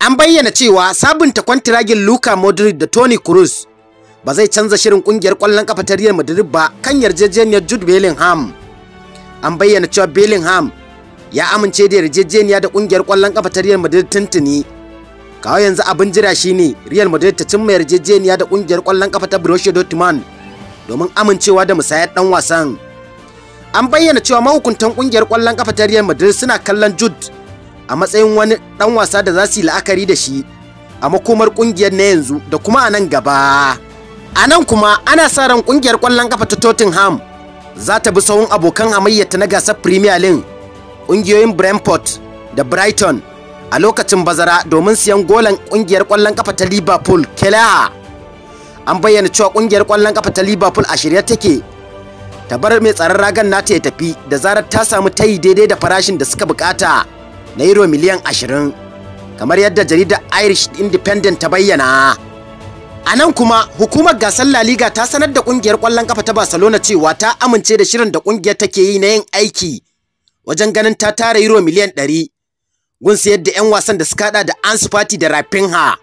An bayyana cewa sabunta kwantiragin Luka Modric da Toni Kroos ba zai canza shirin kungiyar ƙwallon kafa ta Real Madrid ba kan yarjejeniyar Jude Bellingham. An bayyana cewa Bellingham ya amince da yarjejeniya da kungiyar ƙwallon kafa ta Real Madrid tuntuni. Kawai yanzu abin jira shine Real Madrid ta cimma yarjejeniya da kungiyar ƙwallon kafa ta Borussia Dortmund domin amincewa da musayar dan wasan. An bayyana cewa mahukuntan kungiyar ƙwallon kafa ta Real Madrid suna kallon Jude a matsayin wani ɗan wasa da za su yi la'akari da shi a makomar ƙungiyar na yanzu da kuma a nan gaba. A nan kuma ana sa ran ƙungiyar ƙwallon ƙafa ta Tottenham za ta bi sahun abokan hamayyata na gasar Premier League ƙungiyoyin Brentford da Brighton a lokacin bazara domin siyan golan ƙungiyar ƙwallon ƙafa ta Liverpool Kelaha. An bayyana cewa ƙungiyar ƙwallon ƙafa ta Liverpool a shirye take ta bar mai tsaron ragan nata ya tafi da zarar ta samu tayi daidai da farashin da suka bukata. Na euro miliyan ashirin kamar yadda jaridar irish independent ta bayyana a nan kuma hukumar gasar la liga ta sanar da kungiyar kwallon kafa ta barcelona cewa ta amince da shirin da kungiyar take yi na yin aiki wajen ganin ta tara euro miliyan ɗari gun sayar da 'yan wasan da suka hada da ansu fati da rafinha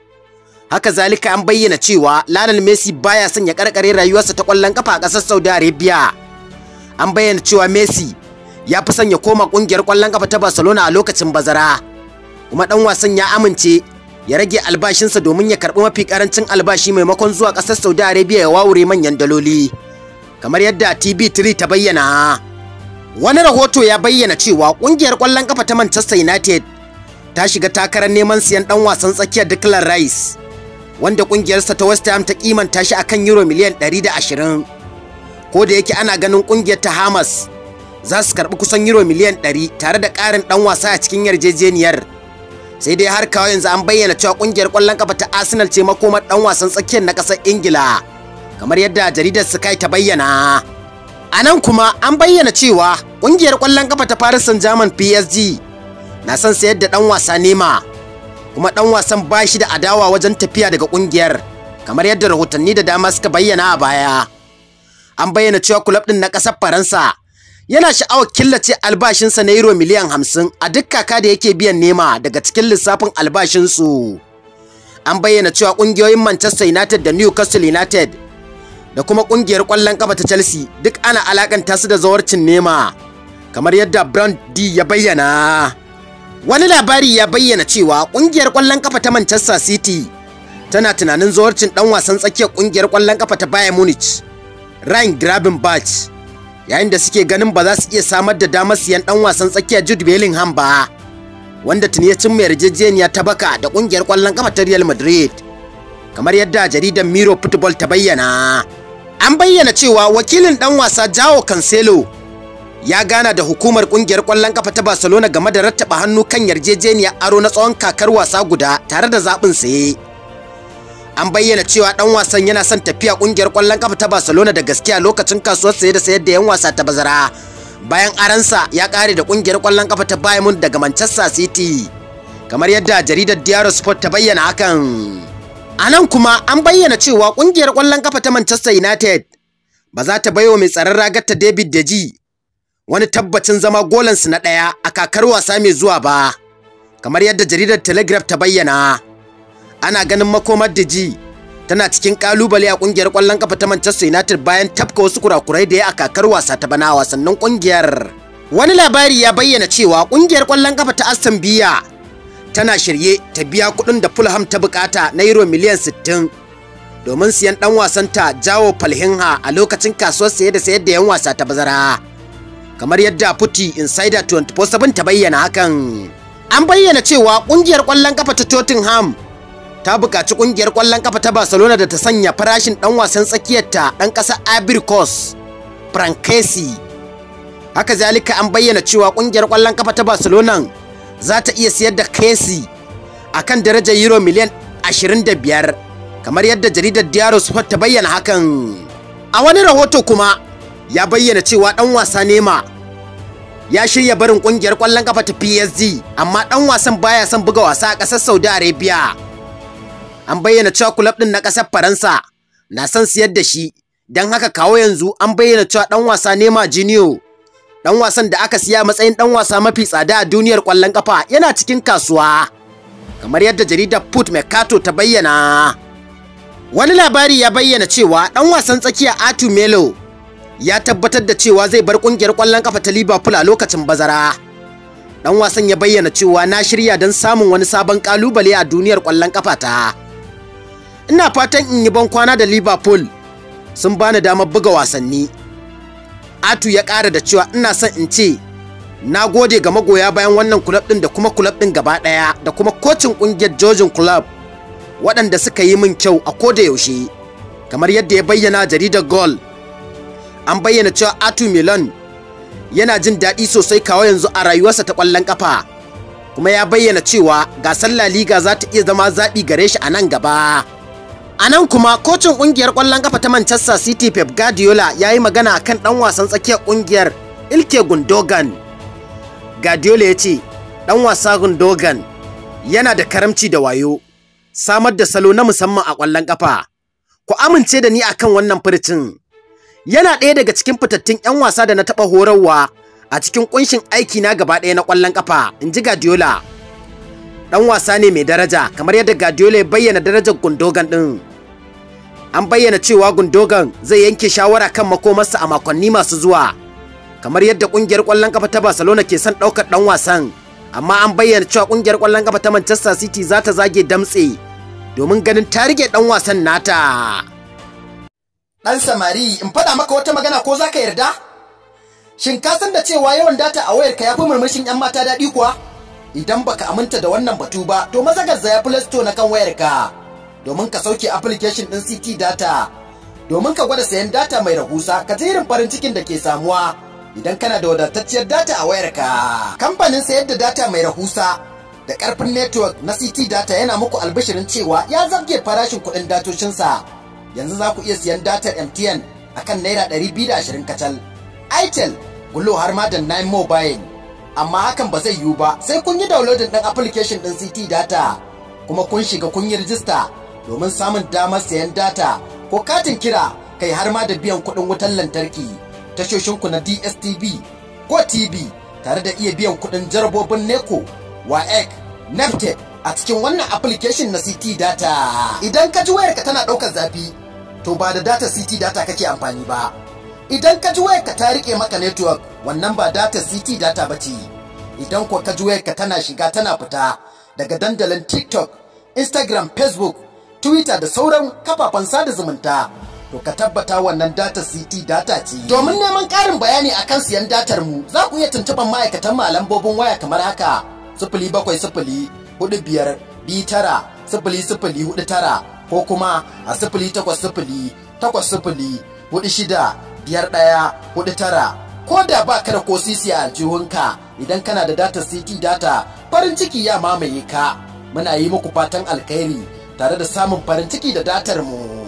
haka zalika an bayyana cewa Lionel Messi baya son ya karkare rayuwarsa ta kwallon kafa a ƙasar Saudi Arabia. An bayyana cewa Messi ya fi sanya koma kungiyar kwallon kafa ta Barcelona a lokacin bazara kuma dan wasan ya amince ya rage albashinsa domin ya karbi mafi karancin albashi maimakon zuwa kasar Saudi Arabia ya wawure manyan daloli kamar yadda TB3 ta bayyana wani rahoto ya bayyana cewa kungiyar kwallon kafa ta Manchester United ta shiga takarar neman siyan dan wasan tsakiya Declan Rice wanda kungiyarsa ta West Ham ta kimanta shi akan euro miliyan 120 ko da yake ana ganin kungiyar ta Hamas za su karɓi kusan euro miliyan 100 tare da ƙarin ɗan wasa a cikin yarjejeniyar sai dai har kawai yanzu an bayyana cewa ƙungiyar ƙwallon ƙafa ta arsenal ce makomar ɗan wasan tsakiyar na ƙasar ingila kamar yadda jaridar sky ta bayyana a nan kuma an bayyana cewa ƙungiyar ƙwallon ƙafa ta paris saint germain psg na son sayar da ɗan wasa nema kuma ɗan wasan bashi da adawa wajen tafiya daga ƙungiyar kamar yadda rahotanni da dama suka bayyana a baya an bayyana cewa kulab ɗin na ƙasar faransa yana sha'awar killace albashinsa na euro miliyan hamsin a duk kaka da yake biyan nema daga cikin lissafin albashinsu an bayyana cewa ƙungiyoyin manchester united da newcastle united da kuma ƙungiyar ƙwallon ƙafa ta chelsea duk ana alakanta su da zawarcin nema kamar yadda brand d ya bayyana wani labari ya bayyana cewa ƙungiyar ƙwallon ƙafa ta manchester city tana tunanin zawarcin ɗan wasan tsakiyar ƙungiyar ƙwallon ƙafa ta bayern munich ryan Grabenbach. yayin da suke ganin ba za su iya samar da damar siyan dan wasan tsakiya Jude Bellingham ba wanda tuni ya cimma yarjejeniya ta baka da kungiyar kwallon ƙafa ta Real Madrid kamar yadda jaridar Miro Football ta bayyana an bayyana cewa wakilin dan wasa Jao Cancelo ya gana da hukumar kungiyar kwallon kafa ta Barcelona game da rattaba hannu kan yarjejeniyar aro na tsawon kakar wasa guda tare da zaɓin saye an bayyana cewa dan wasan yana son tafiya kungiyar kwallon kafa ta Barcelona da gaskiya lokacin kasuwar Sayar da sayar da yan wasa ta bazara bayan aransa ya kare da kungiyar kwallon kafa ta Bayern Munich daga Manchester City kamar yadda jaridar Diario Sport ta bayyana hakan a nan kuma an bayyana cewa kungiyar kwallon kafa ta Manchester United ba za ta baiwa mai tsaron ragar ta David De Gea wani tabbacin zama golansu na ɗaya a kakar wasa mai zuwa ba kamar yadda jaridar Telegraph ta bayyana ana ganin makomar da ji tana cikin kalubale a kungiyar kwallon kafa ta Manchester United bayan tafka wasu kurakurai da ya a kakar wasa ta bana wasannin kungiyar. Wani labari ya bayyana cewa kungiyar kwallon kafa ta Aston Villa tana shirye ta biya kuɗin da Fulham ta bukata naira miliyan 60 domin siyan ɗan wasan ta Jawo Palhinha a lokacin kasuwar saye da sayar da yan wasa ta bazara. Kamar yadda Puti Insider 24/7 ta bayyana hakan. An bayyana cewa kungiyar kwallon kafa ta Tottenham ta buƙaci ƙungiyar ƙwallon kafa ta Barcelona da ta sanya farashin ɗan wasan tsakiyarta ɗan kasa Ivory Coast Francesi. Haka zalika an bayyana cewa ƙungiyar ƙwallon kafa ta Barcelona za ta iya siyar da Kesi a kan darajar Euro miliyan 25 kamar yadda jaridar Diario Sport ta bayyana hakan. A wani rahoto kuma ya bayyana cewa ɗan wasa Nema ya shirya barin kungiyar kwallon kafa ta PSG amma dan wasan baya son buga wasa a ƙasar Saudi Arabia an bayyana cewa kulab ɗin na ƙasar Faransa na son siyar da shi don haka kawo yanzu an bayyana cewa ɗan wasa Neymar jinio ɗan wasan da aka siya matsayin ɗan wasa mafi tsada a duniyar ƙwallon ƙafa yana cikin kasuwa kamar yadda jaridar Foot Mercato ta bayyana wani labari ya bayyana cewa ɗan wasan tsakiya Atu Melo ya tabbatar da cewa zai bar ƙungiyar ƙwallon ƙafa ta Liverpool a lokacin bazara ɗan wasan ya bayyana cewa na shirya don samun wani sabon ƙalubale a duniyar ƙwallon ƙafa ta ina fatan in yi ban kwana da liverpool sun bani damar buga wasanni atu ya ƙara da cewa ina son in ce na gode ga magoya bayan wannan kulab ɗin da kuma kulab ɗin gaba ɗaya da kuma kocin ƙungiyar jojin club waɗanda suka yi min kyau a koda yaushe kamar yadda ya bayyana jaridar gol an bayyana cewa atu milan yana jin daɗi sosai kawo yanzu a rayuwarsa ta ƙwallon ƙafa kuma ya bayyana cewa gasar la liga za ta iya zama zaɓi gare shi a nan gaba A nan kuma kocin ƙungiyar ƙwallon ƙafa ta Manchester City Pep Guardiola ya yi magana kan ɗan wasan tsakiyar ƙungiyar Ilke Gundogan. Guardiola ya ce, ɗan wasa Gundogan yana da karamci da wayo, samar da salo na musamman a ƙwallon kafa. Ku amince da ni akan wannan furcin. Yana ɗaya daga cikin fitattun 'yan wasa da na taɓa horarwa a cikin ƙunshin aiki na gaba ɗaya na ƙwallon ƙafa, in ji Guardiola. dan wasa ne mai daraja kamar yadda Guardiola ya bayyana darajar Gundogan din. An bayyana cewa Gundogan zai yanke shawara kan makomarsa a makonni masu zuwa. Kamar yadda kungiyar ƙwallon kafa ta Barcelona ke son ɗaukar dan wasan, amma an bayyana cewa kungiyar ƙwallon kafa ta Manchester City za ta zage damtse domin ganin ta rige dan wasan nata. Dan samari in faɗa maka wata magana ko zaka yarda? Shin ka san da cewa yawan data a wayarka ya fi murmushin 'yan mata daɗi kuwa? Idan baka aminta da wannan batu ba, to maza garzaya Play Store na kan wayarka domin ka sauke application ɗin CT Data. Domin ka gwada sayan data mai rahusa, ka ji irin farin cikin da ke samuwa idan kana da wadatacciyar data a wayarka. Kamfanin sayar da data mai rahusa da karfin network na CT Data yana muku albishirin cewa ya zabge farashin kuɗin sa Yanzu za ku iya siyan data MTN akan Naira 220 kacal. Itel, Gullo har ma da Nine Mobile. amma hakan ba zai yiwu ba sai kun yi downloading ɗin application ɗin CT data kuma kun shiga kun yi rijista domin samun damar sayan data ko katin kira kai har ma da biyan kuɗin wutar lantarki ta ku na DSTV ko TV tare da iya biyan kuɗin jarabobin NECO, WAEC, NEPTEC a cikin wannan application na CT data. Idan ka ji wayarka tana ɗaukar zafi, to ba da data CT data kake amfani ba. idan ka ji wayarka ta rike maka network wannan ba data ct data ba ce idan ko ka ji wayarka tana shiga tana fita daga dandalin tiktok instagram facebook twitter da sauran kafafen sada zumunta to ka tabbata wannan data ct data ce domin neman karin bayani akan siyan datar mu za ku iya tuntuɓar ma'aikatan malambobin waya kamar haka sifili bakwai sifili hudu biyar tara sifili sifili hudu tara ko kuma a sifili takwas sifili takwas sifili hudu shida biyar ɗaya hudu tara ko da ba ka da ko sisi a aljihunka idan kana da data city data farin ciki ya mamaye ka muna yi muku fatan alkhairi tare da samun farin ciki da datar mu.